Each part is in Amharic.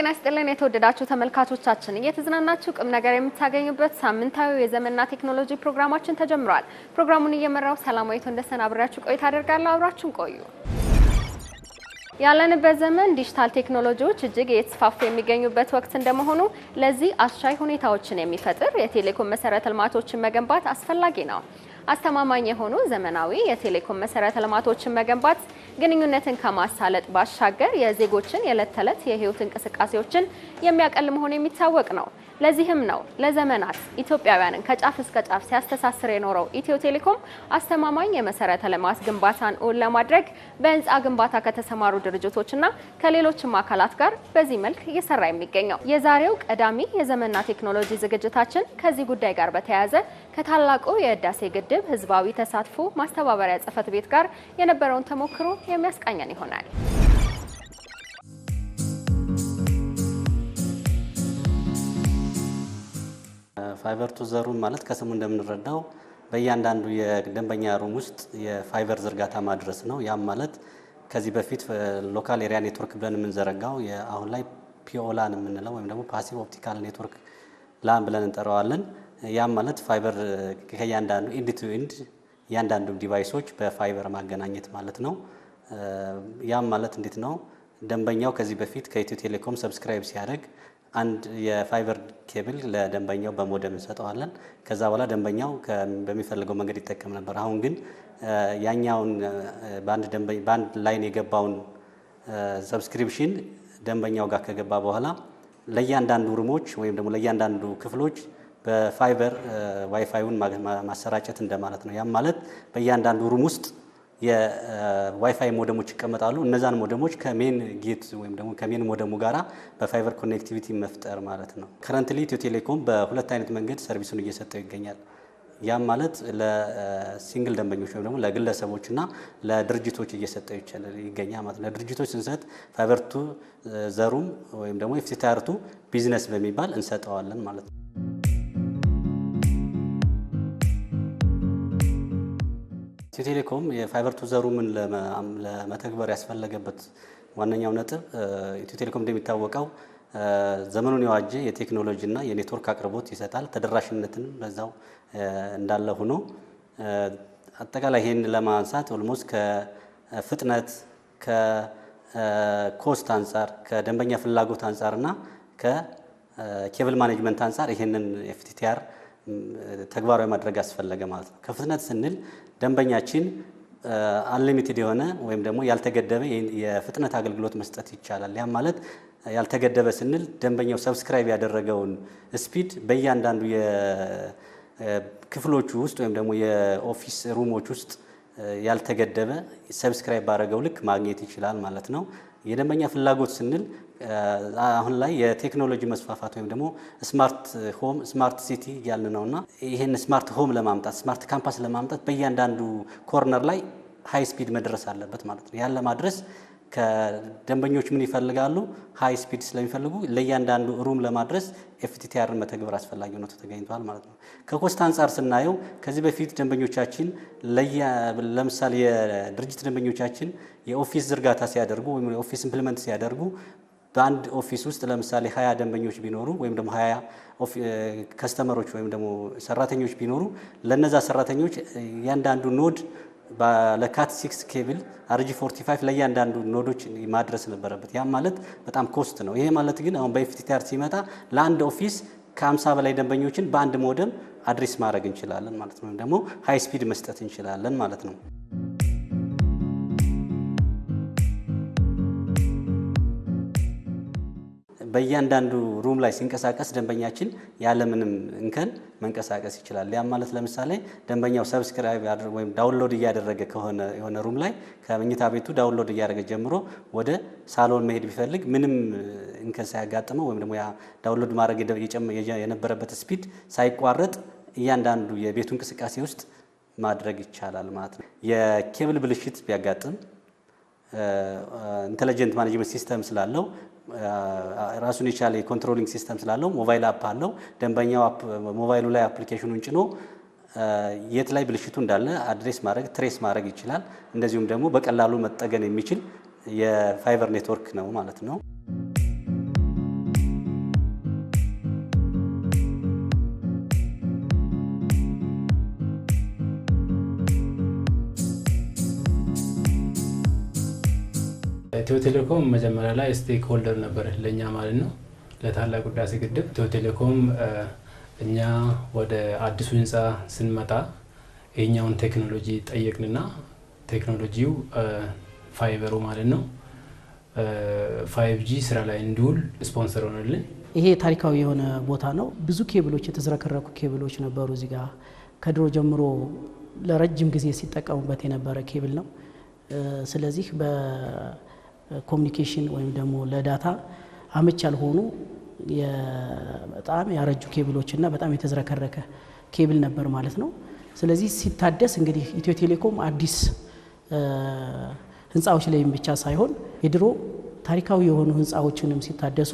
ጤና ይስጥልን የተወደዳችሁ ተመልካቾቻችን፣ እየተዝናናችሁ ቁም ነገር የምታገኙበት ሳምንታዊ የዘመንና ቴክኖሎጂ ፕሮግራማችን ተጀምሯል። ፕሮግራሙን እየመራው ሰላማዊት ወንደሰን አብሬያችሁ ቆይታ አደርጋለሁ። አብራችሁን ቆዩ። ያለንበት ዘመን ዲጂታል ቴክኖሎጂዎች እጅግ እየተስፋፉ የሚገኙበት ወቅት እንደመሆኑ ለዚህ አስቻይ ሁኔታዎችን የሚፈጥር የቴሌኮም መሰረተ ልማቶችን መገንባት አስፈላጊ ነው። አስተማማኝ የሆኑ ዘመናዊ የቴሌኮም መሰረተ ልማቶችን መገንባት ግንኙነትን ከማሳለጥ ባሻገር የዜጎችን የዕለት ተዕለት የህይወት እንቅስቃሴዎችን የሚያቀል መሆኑ የሚታወቅ ነው። ለዚህም ነው ለዘመናት ኢትዮጵያውያንን ከጫፍ እስከ ጫፍ ሲያስተሳስር የኖረው ኢትዮ ቴሌኮም አስተማማኝ የመሰረተ ልማት ግንባታን እውን ለማድረግ በህንፃ ግንባታ ከተሰማሩ ድርጅቶችና ከሌሎችም አካላት ጋር በዚህ መልክ እየሰራ የሚገኘው። የዛሬው ቀዳሚ የዘመንና ቴክኖሎጂ ዝግጅታችን ከዚህ ጉዳይ ጋር በተያያዘ ከታላቁ የህዳሴ ግድብ ህዝባዊ ተሳትፎ ማስተባበሪያ ጽህፈት ቤት ጋር የነበረውን ተሞክሮ የሚያስቃኘን ይሆናል። ፋይበር ቱ ዘ ማለት ከስሙ እንደምንረዳው በእያንዳንዱ የደንበኛ ሩም ውስጥ የፋይበር ዝርጋታ ማድረስ ነው። ያም ማለት ከዚህ በፊት ሎካል ኤሪያ ኔትወርክ ብለን የምንዘረጋው አሁን ላይ ፒኦላን የምንለው ወይም ደግሞ ፓሲቭ ኦፕቲካል ኔትወርክ ላን ብለን እንጠራዋለን። ያም ማለት ፋይበር ከእያንዳንዱ ኢንድ ቱ ኢንድ እያንዳንዱ ዲቫይሶች በፋይበር ማገናኘት ማለት ነው። ያም ማለት እንዴት ነው? ደንበኛው ከዚህ በፊት ከኢትዮ ቴሌኮም ሰብስክራይብ ሲያደርግ አንድ የፋይበር ኬብል ለደንበኛው በሞደም እንሰጠዋለን። ከዛ በኋላ ደንበኛው በሚፈልገው መንገድ ይጠቀም ነበር። አሁን ግን ያኛውን በአንድ ላይን የገባውን ሰብስክሪፕሽን ደንበኛው ጋር ከገባ በኋላ ለእያንዳንዱ ሩሞች ወይም ደግሞ ለእያንዳንዱ ክፍሎች በፋይበር ዋይፋዩን ማሰራጨት እንደማለት ነው። ያም ማለት በእያንዳንዱ ሩም ውስጥ የዋይፋይ ሞደሞች ይቀመጣሉ። እነዛን ሞደሞች ከሜን ጌት ወይም ደግሞ ከሜን ሞደሙ ጋራ በፋይበር ኮኔክቲቪቲ መፍጠር ማለት ነው። ከረንትሊ ኢትዮ ቴሌኮም በሁለት አይነት መንገድ ሰርቪሱን እየሰጠው ይገኛል። ያም ማለት ለሲንግል ደንበኞች ወይም ደግሞ ለግለሰቦች እና ለድርጅቶች እየሰጠው ይገኛል ማለት ነው። ለድርጅቶች ስንሰጥ ፋይበርቱ ዘሩም ወይም ደግሞ ኤፍቲታርቱ ቢዝነስ በሚባል እንሰጠዋለን ማለት ነው። ኢትዮ ቴሌኮም የፋይበር ቱ ዘሩምን ለመተግበር ያስፈለገበት ዋነኛው ነጥብ ኢትዮ ቴሌኮም እንደሚታወቀው ዘመኑን የዋጀ ና የኔትወርክ አቅርቦት ይሰጣል። ተደራሽነትን በዛው እንዳለ ሆኖ አጠቃላይ ይህን ለማንሳት ኦልሞስት ከፍጥነት ከኮስት አንጻር ከደንበኛ ፍላጎት አንጻርና ከኬብል ማኔጅመንት አንጻር ይህንን ኤፍቲቲአር ተግባራዊ ማድረግ ያስፈለገ ማለት ነው። ከፍጥነት ስንል ደንበኛችን አንሊሚትድ የሆነ ወይም ደግሞ ያልተገደበ የፍጥነት አገልግሎት መስጠት ይቻላል። ያም ማለት ያልተገደበ ስንል ደንበኛው ሰብስክራይብ ያደረገውን ስፒድ በእያንዳንዱ የክፍሎቹ ውስጥ ወይም ደግሞ የኦፊስ ሩሞች ውስጥ ያልተገደበ ሰብስክራይብ ባደረገው ልክ ማግኘት ይችላል ማለት ነው። የደንበኛ ፍላጎት ስንል አሁን ላይ የቴክኖሎጂ መስፋፋት ወይም ደግሞ ስማርት ሆም ስማርት ሲቲ እያልን ነው እና ይህን ስማርት ሆም ለማምጣት ስማርት ካምፓስ ለማምጣት በእያንዳንዱ ኮርነር ላይ ሀይ ስፒድ መድረስ አለበት ማለት ነው። ያን ለማድረስ ከደንበኞች ምን ይፈልጋሉ? ሀይ ስፒድ ስለሚፈልጉ ለእያንዳንዱ ሩም ለማድረስ ኤፍቲቲአር መተግበር አስፈላጊ ሆኖ ተገኝቷል ማለት ነው። ከኮስት አንጻር ስናየው ከዚህ በፊት ደንበኞቻችን ለምሳሌ የድርጅት ደንበኞቻችን የኦፊስ ዝርጋታ ሲያደርጉ ወይም የኦፊስ ኢምፕሊመንት ሲያደርጉ በአንድ ኦፊስ ውስጥ ለምሳሌ ሀያ ደንበኞች ቢኖሩ ወይም ደግሞ ሀያ ከስተመሮች ወይም ደግሞ ሰራተኞች ቢኖሩ ለነዛ ሰራተኞች እያንዳንዱ ኖድ ለካት ሲክስ ኬብል አርጂ 45 ለእያንዳንዱ ኖዶች ማድረስ ነበረበት። ያም ማለት በጣም ኮስት ነው። ይሄ ማለት ግን አሁን በኤፍቲቲአር ሲመጣ ለአንድ ኦፊስ ከ50 በላይ ደንበኞችን በአንድ ሞደም አድሬስ ማድረግ እንችላለን ማለት ነው። ወይም ደግሞ ሃይ ስፒድ መስጠት እንችላለን ማለት ነው። በእያንዳንዱ ሩም ላይ ሲንቀሳቀስ ደንበኛችን ያለምንም እንከን መንቀሳቀስ ይችላል። ያም ማለት ለምሳሌ ደንበኛው ሰብስክራይብ ወይም ዳውንሎድ እያደረገ ከሆነ የሆነ ሩም ላይ ከመኝታ ቤቱ ዳውንሎድ እያደረገ ጀምሮ ወደ ሳሎን መሄድ ቢፈልግ ምንም እንከን ሳያጋጥመው ወይም ደግሞ ዳውንሎድ ማድረግ የነበረበት ስፒድ ሳይቋረጥ እያንዳንዱ የቤቱ እንቅስቃሴ ውስጥ ማድረግ ይቻላል ማለት ነው። የኬብል ብልሽት ቢያጋጥም ኢንተለጀንት ማኔጅመንት ሲስተም ስላለው ራሱን የቻለ የኮንትሮሊንግ ሲስተም ስላለው ሞባይል አፕ አለው። ደንበኛው ሞባይሉ ላይ አፕሊኬሽኑን ጭኖ የት ላይ ብልሽቱ እንዳለ አድሬስ ማድረግ ትሬስ ማድረግ ይችላል። እንደዚሁም ደግሞ በቀላሉ መጠገን የሚችል የፋይበር ኔትወርክ ነው ማለት ነው። ኢትዮ ቴሌኮም መጀመሪያ ላይ ስቴክ ሆልደር ነበር ለእኛ ማለት ነው፣ ለታላቁ ህዳሴ ግድብ። ኢትዮ ቴሌኮም እኛ ወደ አዲሱ ህንፃ ስንመጣ ይህኛውን ቴክኖሎጂ ጠየቅንና ቴክኖሎጂው ፋይበሩ ማለት ነው ፋይቭ ጂ ስራ ላይ እንዲውል ስፖንሰር ሆነልን። ይሄ ታሪካዊ የሆነ ቦታ ነው። ብዙ ኬብሎች፣ የተዝረከረኩ ኬብሎች ነበሩ እዚህ ጋ ከድሮ ጀምሮ ለረጅም ጊዜ ሲጠቀሙበት የነበረ ኬብል ነው። ስለዚህ ኮሚኒኬሽን ወይም ደግሞ ለዳታ አመች ያልሆኑ በጣም ያረጁ ኬብሎችና በጣም የተዝረከረከ ኬብል ነበር ማለት ነው። ስለዚህ ሲታደስ እንግዲህ ኢትዮ ቴሌኮም አዲስ ህንፃዎች ላይም ብቻ ሳይሆን የድሮ ታሪካዊ የሆኑ ህንፃዎችንም ሲታደሱ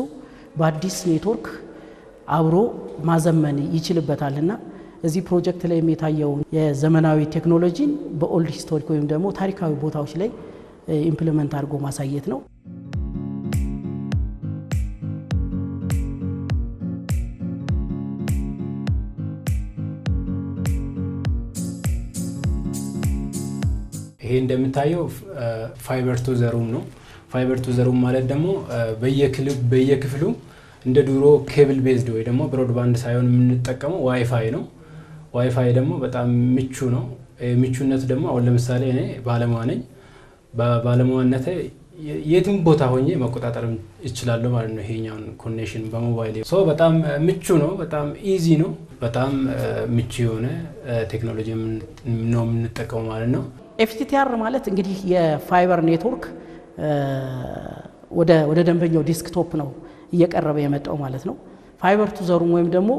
በአዲስ ኔትወርክ አብሮ ማዘመን ይችልበታልና እዚህ ፕሮጀክት ላይ የታየውን የዘመናዊ ቴክኖሎጂን በኦልድ ሂስቶሪክ ወይም ደግሞ ታሪካዊ ቦታዎች ላይ ኢምፕሊመንት አድርጎ ማሳየት ነው። ይሄ እንደምታየው ፋይበር ቱ ዘሩም ነው። ፋይበር ቱ ዘሩም ማለት ደግሞ በየክፍሉ እንደ ድሮ ኬብል ቤዝድ ወይ ደግሞ ብሮድባንድ ሳይሆን የምንጠቀመው ዋይፋይ ነው። ዋይፋይ ደግሞ በጣም ምቹ ነው። ምቹነት ደግሞ አሁን ለምሳሌ እኔ ባለሙያ ነኝ። በባለሙያነቴ የትም ቦታ ሆኜ መቆጣጠር ይችላለሁ ማለት ነው። ይሄኛውን ኮኔክሽን በሞባይል ሶ በጣም ምቹ ነው፣ በጣም ኢዚ ነው፣ በጣም ምቹ የሆነ ቴክኖሎጂ ነው የምንጠቀመው ማለት ነው። ኤፍቲቲአር ማለት እንግዲህ የፋይበር ኔትወርክ ወደ ደንበኛው ዴስክቶፕ ነው እየቀረበ የመጣው ማለት ነው። ፋይበር ቱ ዘሩም ወይም ደግሞ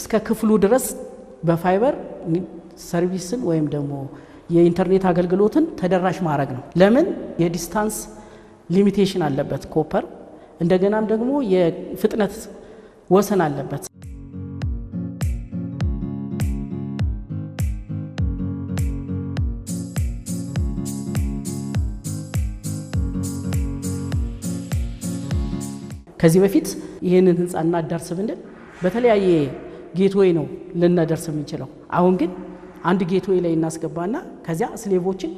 እስከ ክፍሉ ድረስ በፋይበር ሰርቪስን ወይም ደግሞ የኢንተርኔት አገልግሎትን ተደራሽ ማድረግ ነው። ለምን የዲስታንስ ሊሚቴሽን አለበት ኮፐር፣ እንደገናም ደግሞ የፍጥነት ወሰን አለበት። ከዚህ በፊት ይህንን ህንፃ እናዳርስ ብንል በተለያየ ጌትዌይ ነው ልናደርስ የምንችለው። አሁን ግን አንድ ጌትዌይ ላይ እናስገባና ከዚያ ስሌቮችን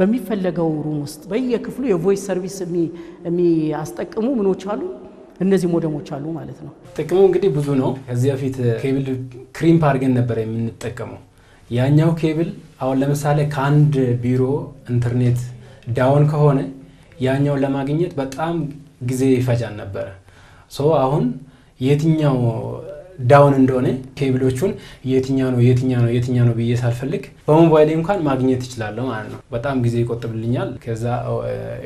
በሚፈለገው ሩም ውስጥ በየክፍሉ የቮይስ ሰርቪስ የሚያስጠቅሙ ምኖች አሉ። እነዚህ ሞደሞች አሉ ማለት ነው። ጥቅሙ እንግዲህ ብዙ ነው። ከዚህ በፊት ኬብል ክሪምፕ አድርገን ነበር የምንጠቀመው። ያኛው ኬብል አሁን ለምሳሌ ከአንድ ቢሮ ኢንተርኔት ዳውን ከሆነ ያኛውን ለማግኘት በጣም ጊዜ ይፈጃን ነበረ። ሶ አሁን የትኛው ዳውን እንደሆነ ኬብሎቹን የትኛ ነው የትኛ ነው የትኛ ነው ብዬ ሳልፈልግ በሞባይል እንኳን ማግኘት ይችላለሁ ማለት ነው። በጣም ጊዜ ይቆጥብልኛል። ከዛ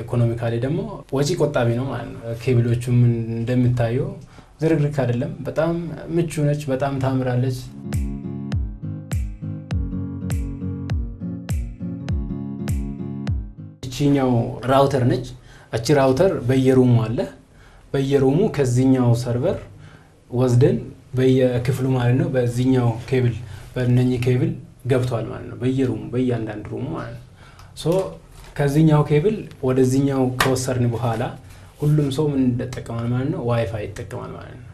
ኢኮኖሚካሊ ደግሞ ወጪ ቆጣቢ ነው ማለት ነው። ኬብሎቹም እንደምታየው ዝርግርክ አይደለም። በጣም ምቹ ነች። በጣም ታምራለች። እቺኛው ራውተር ነች። እቺ ራውተር በየሩሙ አለ። በየሩሙ ከዚህኛው ሰርቨር ወስደን በየክፍሉ ማለት ነው። በዚኛው ኬብል በእነኚህ ኬብል ገብቷል ማለት ነው። በየሩሙ በእያንዳንድ ሩሙ ማለት ነው። ሶ ከዚኛው ኬብል ወደዚኛው ከወሰድን በኋላ ሁሉም ሰው ምን እንደጠቀማል ማለት ነው? ዋይፋይ ይጠቀማል ማለት ነው።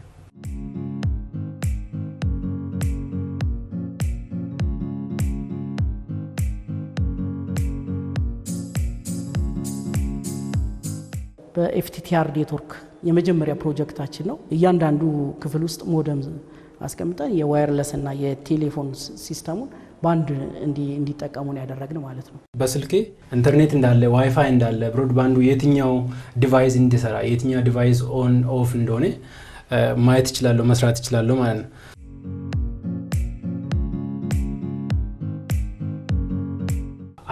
በኤፍቲቲአር ኔትወርክ የመጀመሪያ ፕሮጀክታችን ነው። እያንዳንዱ ክፍል ውስጥ ሞደም አስቀምጠን የዋየርለስ እና የቴሌፎን ሲስተሙን በአንድ እንዲጠቀሙ ነው ያደረግን ማለት ነው። በስልኬ ኢንተርኔት እንዳለ ዋይፋይ እንዳለ ብሮድባንዱ የትኛው ዲቫይስ እንዲሰራ የትኛው ዲቫይስ ኦን ኦፍ እንደሆነ ማየት ይችላለሁ፣ መስራት ይችላለሁ ማለት ነው።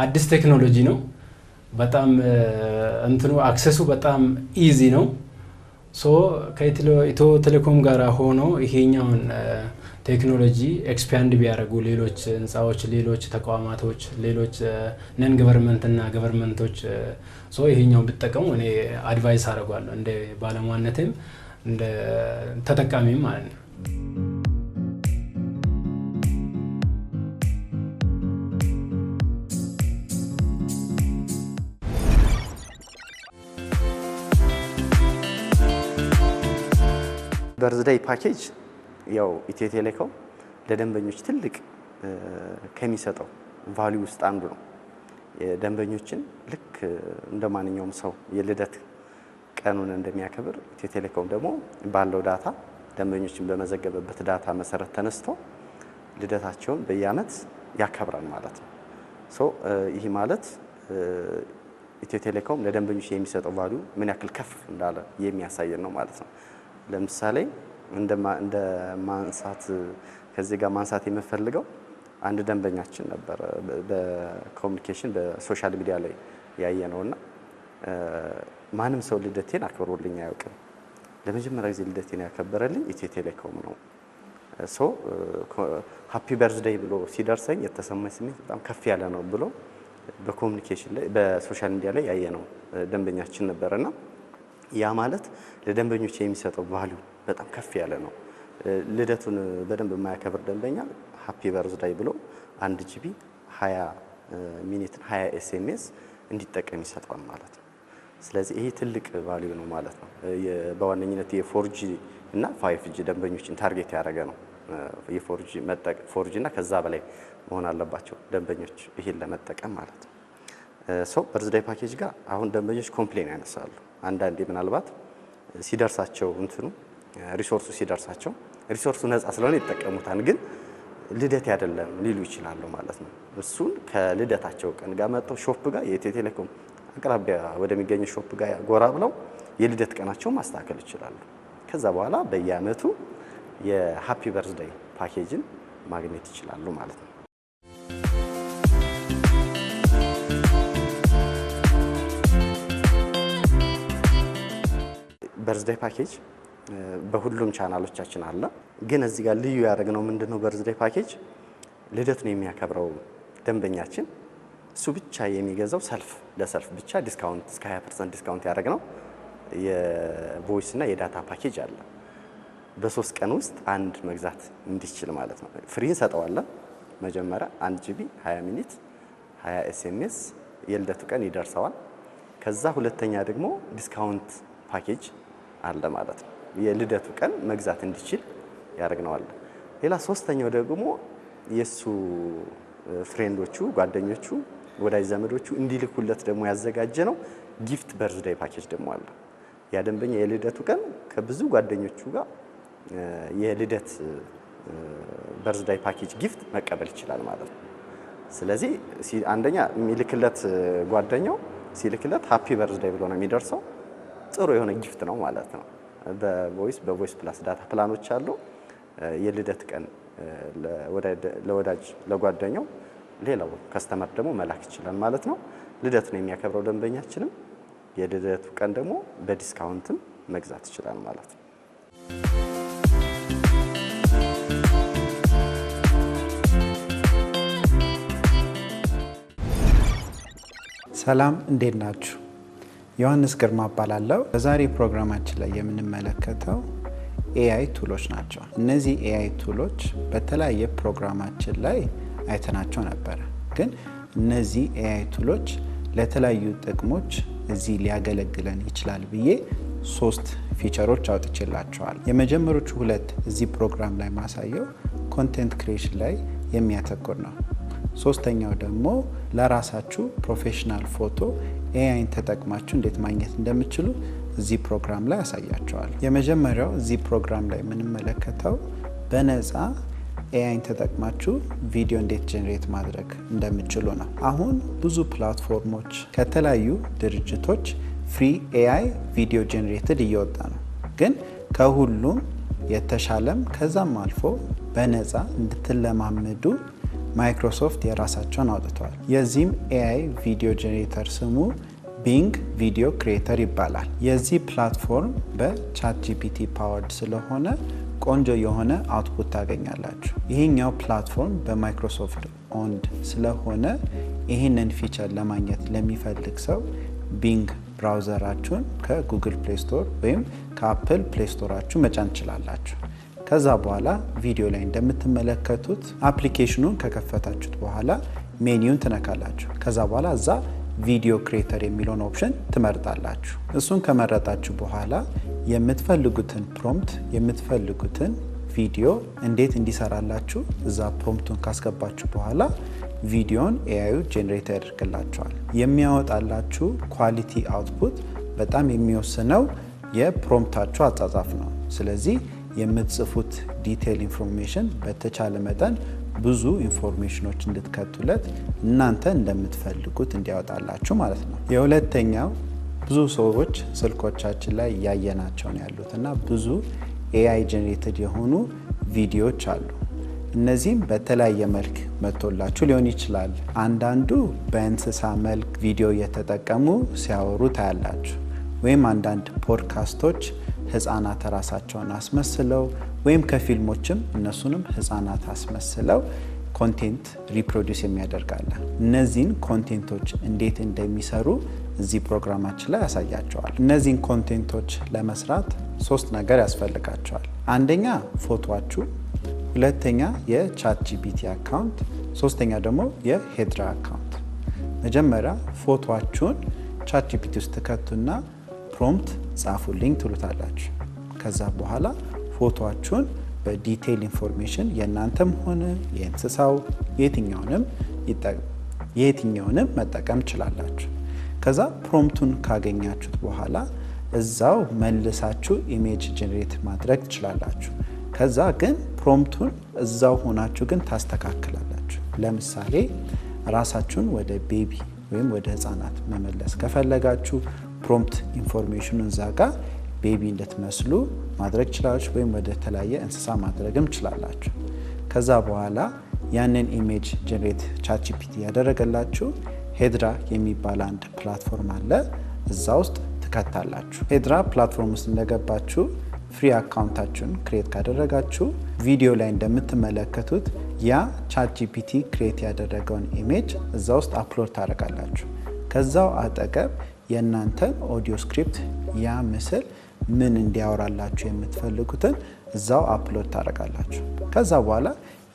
አዲስ ቴክኖሎጂ ነው። በጣም እንትኑ አክሰሱ በጣም ኢዚ ነው። ሶ ከኢትዮ ቴሌኮም ጋር ሆኖ ይሄኛውን ቴክኖሎጂ ኤክስፓንድ ቢያደርጉ ሌሎች ህንፃዎች፣ ሌሎች ተቋማቶች፣ ሌሎች ነን ገቨርንመንት እና ገቨርንመንቶች ሶ ይሄኛውን ብጠቀሙ እኔ አድቫይስ አደርጓለሁ እንደ ባለሟነትም እንደ ተጠቃሚም ማለት ነው። በርዝዳይ ፓኬጅ ያው ኢትዮ ቴሌኮም ለደንበኞች ትልቅ ከሚሰጠው ቫልዩ ውስጥ አንዱ ነው። ደንበኞችን ልክ እንደ ማንኛውም ሰው የልደት ቀኑን እንደሚያከብር ኢትዮ ቴሌኮም ደግሞ ባለው ዳታ ደንበኞችን በመዘገበበት ዳታ መሰረት ተነስቶ ልደታቸውን በየአመት ያከብራል ማለት ነው። ሶ ይህ ማለት ኢትዮ ቴሌኮም ለደንበኞች የሚሰጠው ቫሉ ምን ያክል ከፍ እንዳለ የሚያሳየን ነው ማለት ነው። ለምሳሌ እንደ ማንሳት ከዚህ ጋር ማንሳት የምፈልገው አንድ ደንበኛችን ነበረ በኮሚኒኬሽን በሶሻል ሚዲያ ላይ ያየ ነውና ማንም ሰው ልደቴን አክብሮልኝ አያውቅም። ለመጀመሪያ ጊዜ ልደቴን ያከበረልኝ ኢትዮ ቴሌኮም ነው። ሶ ሀፒ በርዝደይ ብሎ ሲደርሰኝ የተሰማኝ ስሜት በጣም ከፍ ያለ ነው ብሎ በኮሚኒኬሽን ላይ በሶሻል ሚዲያ ላይ ያየ ነው ደንበኛችን እና። ያ ማለት ለደንበኞች የሚሰጠው ቫልዩ በጣም ከፍ ያለ ነው። ልደቱን በደንብ የማያከብር ደንበኛ ሀፒ በርዝዳይ ብሎ አንድ ጂቢ ሀያ ሚኒት ሀያ ኤስኤምኤስ እንዲጠቀም ይሰጠዋል ማለት ነው። ስለዚህ ይሄ ትልቅ ቫልዩ ነው ማለት ነው። በዋነኝነት የፎርጂ እና ፋይፍ ጂ ደንበኞችን ታርጌት ያደረገ ነው። የፎርጂ መጠቀም ፎርጂ እና ከዛ በላይ መሆን አለባቸው ደንበኞች ይሄን ለመጠቀም ማለት ነው። ሰው በርዝዳይ ፓኬጅ ጋር አሁን ደንበኞች ኮምፕሌን ያነሳሉ። አንዳንዴ ምናልባት ሲደርሳቸው እንትኑ ሪሶርሱ ሲደርሳቸው ሪሶርሱ ነፃ ስለሆነ ይጠቀሙታል፣ ግን ልደት አይደለም ሊሉ ይችላሉ ማለት ነው። እሱን ከልደታቸው ቀን ጋር መጥተው ሾፕ ጋር የኢትዮ ቴሌኮም አቅራቢያ ወደሚገኘው ሾፕ ጋር ጎራ ብለው የልደት ቀናቸውን ማስተካከል ይችላሉ። ከዛ በኋላ በየአመቱ የሀፒ በርዝደይ ፓኬጅን ማግኘት ይችላሉ ማለት ነው። በርዝዴ ፓኬጅ በሁሉም ቻናሎቻችን አለ። ግን እዚህ ጋር ልዩ ያደረግነው ምንድነው? በርዝዴ ፓኬጅ ልደቱን የሚያከብረው ደንበኛችን እሱ ብቻ የሚገዛው ሰልፍ ለሰልፍ ብቻ ዲስካውንት እስከ 20% ዲስካውንት ነው። የቮይስ እና የዳታ ፓኬጅ አለ። በሶስት ቀን ውስጥ አንድ መግዛት እንዲችል ማለት ነው። ፍሪ እንሰጠዋለን። መጀመሪያ አንድ ጂቢ 20 ሚኒት 20 ኤስኤምኤስ የልደቱ ቀን ይደርሰዋል። ከዛ ሁለተኛ ደግሞ ዲስካውንት ፓኬጅ አለ ማለት ነው። የልደቱ ቀን መግዛት እንዲችል ያደርግነዋል። ሌላ ሶስተኛው ደግሞ የእሱ ፍሬንዶቹ፣ ጓደኞቹ፣ ወዳጅ ዘመዶቹ እንዲልኩለት ደግሞ ያዘጋጀ ነው ጊፍት በርዝዳይ ፓኬጅ ደግሞ አለ። ያ ደንበኛ የልደቱ ቀን ከብዙ ጓደኞቹ ጋር የልደት በርዝዳይ ፓኬጅ ጊፍት መቀበል ይችላል ማለት ነው። ስለዚህ አንደኛ የሚልክለት ጓደኛው ሲልክለት ሀፒ በርዝዳይ ብሎ ነው የሚደርሰው። ጥሩ የሆነ ጊፍት ነው ማለት ነው። በቮይስ በቮይስ ፕላስ ዳታ ፕላኖች አሉ። የልደት ቀን ለወዳጅ ለጓደኛው፣ ሌላው ከስተመር ደግሞ መላክ ይችላል ማለት ነው። ልደቱን የሚያከብረው ደንበኛችንም የልደቱ ቀን ደግሞ በዲስካውንትም መግዛት ይችላል ማለት ነው። ሰላም እንዴት ናችሁ? ዮሐንስ ግርማ እባላለሁ። በዛሬ ፕሮግራማችን ላይ የምንመለከተው ኤአይ ቱሎች ናቸው። እነዚህ ኤአይ ቱሎች በተለያየ ፕሮግራማችን ላይ አይተናቸው ነበረ። ግን እነዚህ ኤአይ ቱሎች ለተለያዩ ጥቅሞች እዚህ ሊያገለግለን ይችላል ብዬ ሶስት ፊቸሮች አውጥቼላቸዋል። የመጀመሮቹ ሁለት እዚህ ፕሮግራም ላይ ማሳየው ኮንቴንት ክሬሽን ላይ የሚያተኩር ነው። ሶስተኛው ደግሞ ለራሳችሁ ፕሮፌሽናል ፎቶ ኤአይን ተጠቅማችሁ እንዴት ማግኘት እንደምችሉ እዚህ ፕሮግራም ላይ ያሳያቸዋል የመጀመሪያው እዚህ ፕሮግራም ላይ የምንመለከተው በነፃ ኤአይን ተጠቅማችሁ ቪዲዮ እንዴት ጀኔሬት ማድረግ እንደምችሉ ነው። አሁን ብዙ ፕላትፎርሞች ከተለያዩ ድርጅቶች ፍሪ ኤአይ ቪዲዮ ጀኔሬትድ እየወጣ ነው። ግን ከሁሉም የተሻለም ከዛም አልፎ በነፃ እንድትለማምዱ ማይክሮሶፍት የራሳቸውን አውጥተዋል። የዚህም ኤአይ ቪዲዮ ጄኔሬተር ስሙ ቢንግ ቪዲዮ ክሬተር ይባላል። የዚህ ፕላትፎርም በቻት ጂፒቲ ፓወርድ ስለሆነ ቆንጆ የሆነ አውትፑት ታገኛላችሁ። ይህኛው ፕላትፎርም በማይክሮሶፍት ኦንድ ስለሆነ ይህንን ፊቸር ለማግኘት ለሚፈልግ ሰው ቢንግ ብራውዘራችሁን ከጉግል ፕሌስቶር ወይም ከአፕል ፕሌስቶራችሁ መጫን ትችላላችሁ። ከዛ በኋላ ቪዲዮ ላይ እንደምትመለከቱት አፕሊኬሽኑን ከከፈታችሁት በኋላ ሜኒውን ትነካላችሁ። ከዛ በኋላ እዛ ቪዲዮ ክሬተር የሚለውን ኦፕሽን ትመርጣላችሁ። እሱን ከመረጣችሁ በኋላ የምትፈልጉትን ፕሮምፕት የምትፈልጉትን ቪዲዮ እንዴት እንዲሰራላችሁ እዛ ፕሮምፕቱን ካስገባችሁ በኋላ ቪዲዮን ኤአዩ ጄኔሬት ያደርግላችኋል። የሚያወጣላችሁ ኳሊቲ አውትፑት በጣም የሚወስነው የፕሮምፕታችሁ አጻጻፍ ነው። ስለዚህ የምትጽፉት ዲቴል ኢንፎርሜሽን በተቻለ መጠን ብዙ ኢንፎርሜሽኖች እንድትከቱለት እናንተ እንደምትፈልጉት እንዲያወጣላችሁ ማለት ነው። የሁለተኛው ብዙ ሰዎች ስልኮቻችን ላይ እያየናቸውን ያሉት እና ብዙ ኤአይ ጀኔሬትድ የሆኑ ቪዲዮዎች አሉ። እነዚህም በተለያየ መልክ መጥቶላችሁ ሊሆን ይችላል። አንዳንዱ በእንስሳ መልክ ቪዲዮ እየተጠቀሙ ሲያወሩ ታያላችሁ፣ ወይም አንዳንድ ፖድካስቶች ህፃናት ራሳቸውን አስመስለው ወይም ከፊልሞችም እነሱንም ህፃናት አስመስለው ኮንቴንት ሪፕሮዲስ የሚያደርጋለ እነዚህን ኮንቴንቶች እንዴት እንደሚሰሩ እዚህ ፕሮግራማችን ላይ ያሳያቸዋል። እነዚህን ኮንቴንቶች ለመስራት ሶስት ነገር ያስፈልጋቸዋል። አንደኛ ፎቶችሁ፣ ሁለተኛ የቻት ጂፒቲ አካውንት፣ ሶስተኛ ደግሞ የሄድራ አካውንት። መጀመሪያ ፎቶችሁን ቻት ጂፒቲ ውስጥ ትከቱና ፕሮምፕት ጻፉልኝ ትሉታላችሁ። ከዛ በኋላ ፎቶችሁን በዲቴይል ኢንፎርሜሽን የእናንተም ሆነ የእንስሳው የትኛውንም የየትኛውንም መጠቀም ትችላላችሁ። ከዛ ፕሮምቱን ካገኛችሁት በኋላ እዛው መልሳችሁ ኢሜጅ ጀኔሬት ማድረግ ትችላላችሁ። ከዛ ግን ፕሮምቱን እዛው ሆናችሁ ግን ታስተካክላላችሁ። ለምሳሌ ራሳችሁን ወደ ቤቢ ወይም ወደ ህፃናት መመለስ ከፈለጋችሁ ፕሮምፕት ኢንፎርሜሽን እዛ ቤቢ እንድትመስሉ ማድረግ ችላላችሁ፣ ወይም ወደ ተለያየ እንስሳ ማድረግም ችላላችሁ። ከዛ በኋላ ያንን ኢሜጅ ጀኔሬት ቻትጂፒቲ ያደረገላችሁ ሄድራ የሚባል አንድ ፕላትፎርም አለ። እዛ ውስጥ ትከታላችሁ። ሄድራ ፕላትፎርም ውስጥ እንደገባችሁ ፍሪ አካውንታችሁን ክሬት ካደረጋችሁ ቪዲዮ ላይ እንደምትመለከቱት ያ ቻትጂፒቲ ክሬት ያደረገውን ኢሜጅ እዛ ውስጥ አፕሎድ ታደርጋላችሁ። ከዛው አጠገብ የእናንተን ኦዲዮ ስክሪፕት ያ ምስል ምን እንዲያወራላችሁ የምትፈልጉትን እዛው አፕሎድ ታደርጋላችሁ። ከዛ በኋላ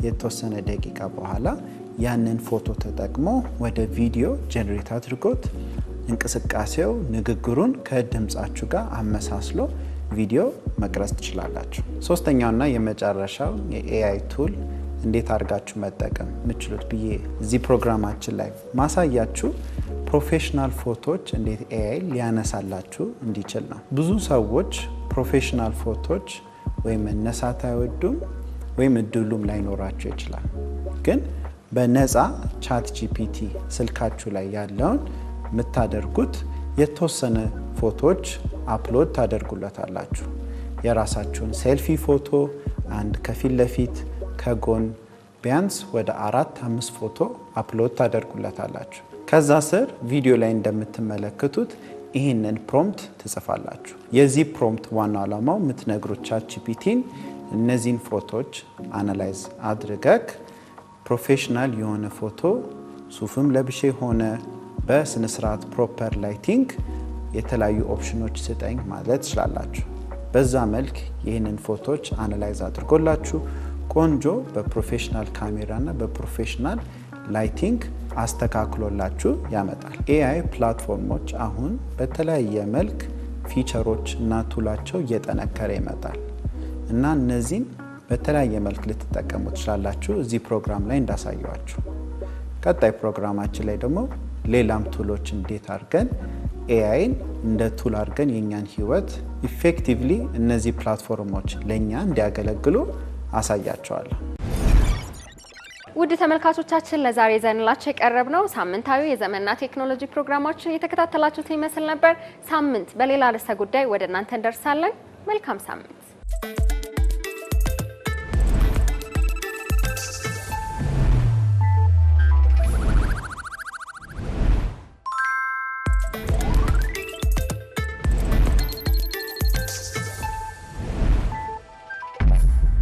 የተወሰነ ደቂቃ በኋላ ያንን ፎቶ ተጠቅሞ ወደ ቪዲዮ ጀኔሬት አድርጎት እንቅስቃሴው፣ ንግግሩን ከድምፃችሁ ጋር አመሳስሎ ቪዲዮ መቅረጽ ትችላላችሁ። ሶስተኛውና የመጨረሻው የኤአይ ቱል እንዴት አድርጋችሁ መጠቀም የምችሉት ብዬ እዚህ ፕሮግራማችን ላይ ማሳያችሁ ፕሮፌሽናል ፎቶዎች እንዴት ኤአይ ሊያነሳላችሁ እንዲችል ነው። ብዙ ሰዎች ፕሮፌሽናል ፎቶዎች ወይም መነሳት አይወዱም ወይም እድሉም ላይኖራቸው ይችላል። ግን በነፃ ቻት ጂፒቲ ስልካችሁ ላይ ያለውን የምታደርጉት የተወሰነ ፎቶዎች አፕሎድ ታደርጉለታላችሁ። የራሳችሁን ሴልፊ ፎቶ፣ አንድ ከፊት ለፊት ከጎን ቢያንስ ወደ አራት አምስት ፎቶ አፕሎድ ታደርጉለታላችሁ። ከዛ ስር ቪዲዮ ላይ እንደምትመለከቱት ይህንን ፕሮምፕት ትጽፋላችሁ። የዚህ ፕሮምፕት ዋና ዓላማው የምትነግሩት ቻት እነዚህን ፎቶዎች አናላይዝ አድርገክ ፕሮፌሽናል የሆነ ፎቶ ሱፍም ለብሼ ሆነ በስነስርዓት ፕሮፐር ላይቲንግ የተለያዩ ኦፕሽኖች ስጠኝ ማለት ትችላላችሁ። በዛ መልክ ይህንን ፎቶዎች አናላይዝ አድርጎላችሁ ቆንጆ በፕሮፌሽናል ካሜራ እና በፕሮፌሽናል ላይቲንግ አስተካክሎላችሁ ያመጣል። ኤአይ ፕላትፎርሞች አሁን በተለያየ መልክ ፊቸሮች እና ቱላቸው እየጠነከረ ይመጣል እና እነዚህን በተለያየ መልክ ልትጠቀሙ ትችላላችሁ። እዚህ ፕሮግራም ላይ እንዳሳየዋችሁ፣ ቀጣይ ፕሮግራማችን ላይ ደግሞ ሌላም ቱሎች እንዴት አድርገን ኤአይን እንደ ቱል አድርገን የእኛን ህይወት ኢፌክቲቭሊ እነዚህ ፕላትፎርሞች ለእኛ እንዲያገለግሉ አሳያቸዋለሁ። ውድ ተመልካቾቻችን ለዛሬ ዘንላቸው የቀረብ ነው ሳምንታዊ የዘመንና ቴክኖሎጂ ፕሮግራማችን የተከታተላችሁት ይመስል ነበር። ሳምንት በሌላ ርዕሰ ጉዳይ ወደ እናንተ እንደርሳለን። መልካም ሳምንት